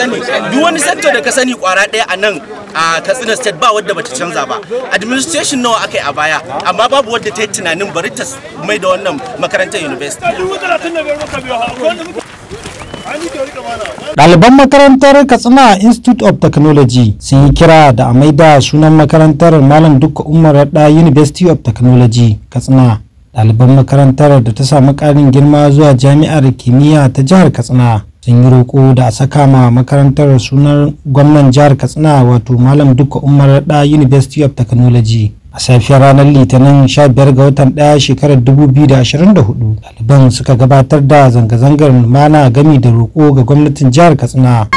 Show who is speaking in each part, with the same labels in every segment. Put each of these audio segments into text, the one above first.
Speaker 1: duk wani sector da ka sani kwara ɗaya a nan a katsina state ba wadda bata canza ba administration nawa aka yi a baya amma babu wadda ta yi tunanin bari ta mai da wannan makarantar university
Speaker 2: Ɗaliban makarantar Katsina Institute of Technology sun yi kira da a sunan makarantar Malam Dukka Umar da University of Technology Katsina. Ɗaliban makarantar da ta samu ƙarin girma zuwa jami'ar kimiyya ta jihar Katsina sun yi roƙo da a saka ma makarantar sunan gwamnan jihar katsina wato malam duka umar da university of technology a safiyar ranar litinin 15 ga watan ɗaya shekarar 2024 ɗaliban suka gabatar da zanga-zangar lumana gami da roƙo ga gwamnatin jihar katsina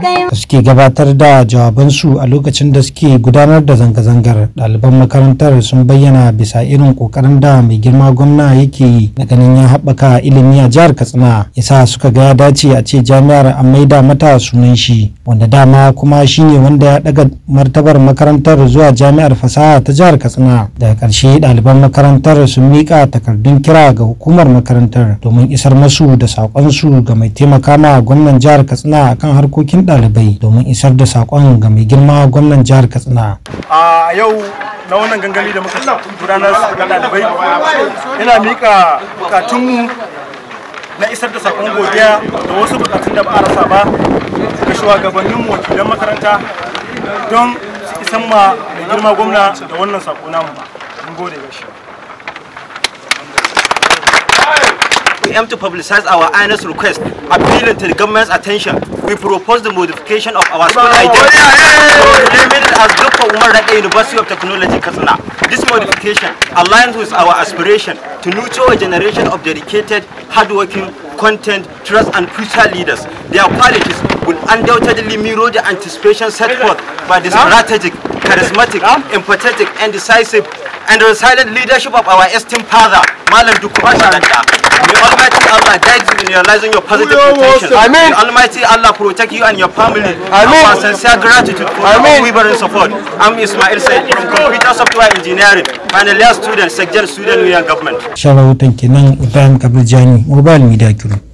Speaker 2: da suke gabatar da jawabansu a lokacin da suke gudanar da zanga-zangar ɗaliban makarantar sun bayyana bisa irin ƙoƙarin da mai girma gwamna yake yi na ganin ya haɓaka ilimi a jihar katsina Ya sa suka ga ya dace a ce jami'ar an maida mata sunan shi wanda dama kuma shine wanda ya ɗaga martabar makarantar zuwa jami'ar fasaha ta jihar katsina daga ƙarshe ɗaliban makarantar sun miƙa takardun kira ga hukumar makarantar domin isar masu da saƙonsu ga mai taimaka ma gwamnan jihar katsina akan harkokin ɗalibai domin isar da saƙon ga mai girma gwamnan jihar katsina
Speaker 1: a yau na wannan gangami da muka gudanar ga ɗalibai ina miƙa bukatunmu na isar da sakon godiya da wasu bukatun da ba a rasa ba ga shugabannin wakilan makaranta don su isan ma mai girma gwamna da wannan sako namu mun gode ga shi We aim to publicize our earnest request, appealing to the government's attention we propose the modification of our school identity to name it as Dukka Umar Rada University of Technology Katsina. This modification aligns with our aspiration to nurture a generation of dedicated, hardworking, content, trust and future leaders. Their qualities will undoubtedly mirror the anticipation set forth by the strategic, charismatic, empathetic and decisive and resilient leadership of our esteemed father, Malam Dukku Umar May Almighty Allah guide you in realizing your positive potential. I mean, May Almighty Allah protect you and your family. I mean, our sincere gratitude for I mean, unwavering support. I'm Ismail Said from Computer Software Engineering,
Speaker 2: final year student, second student union government. Shawarwatan kenan Ibrahim Kabirjani, Mobile Media Group.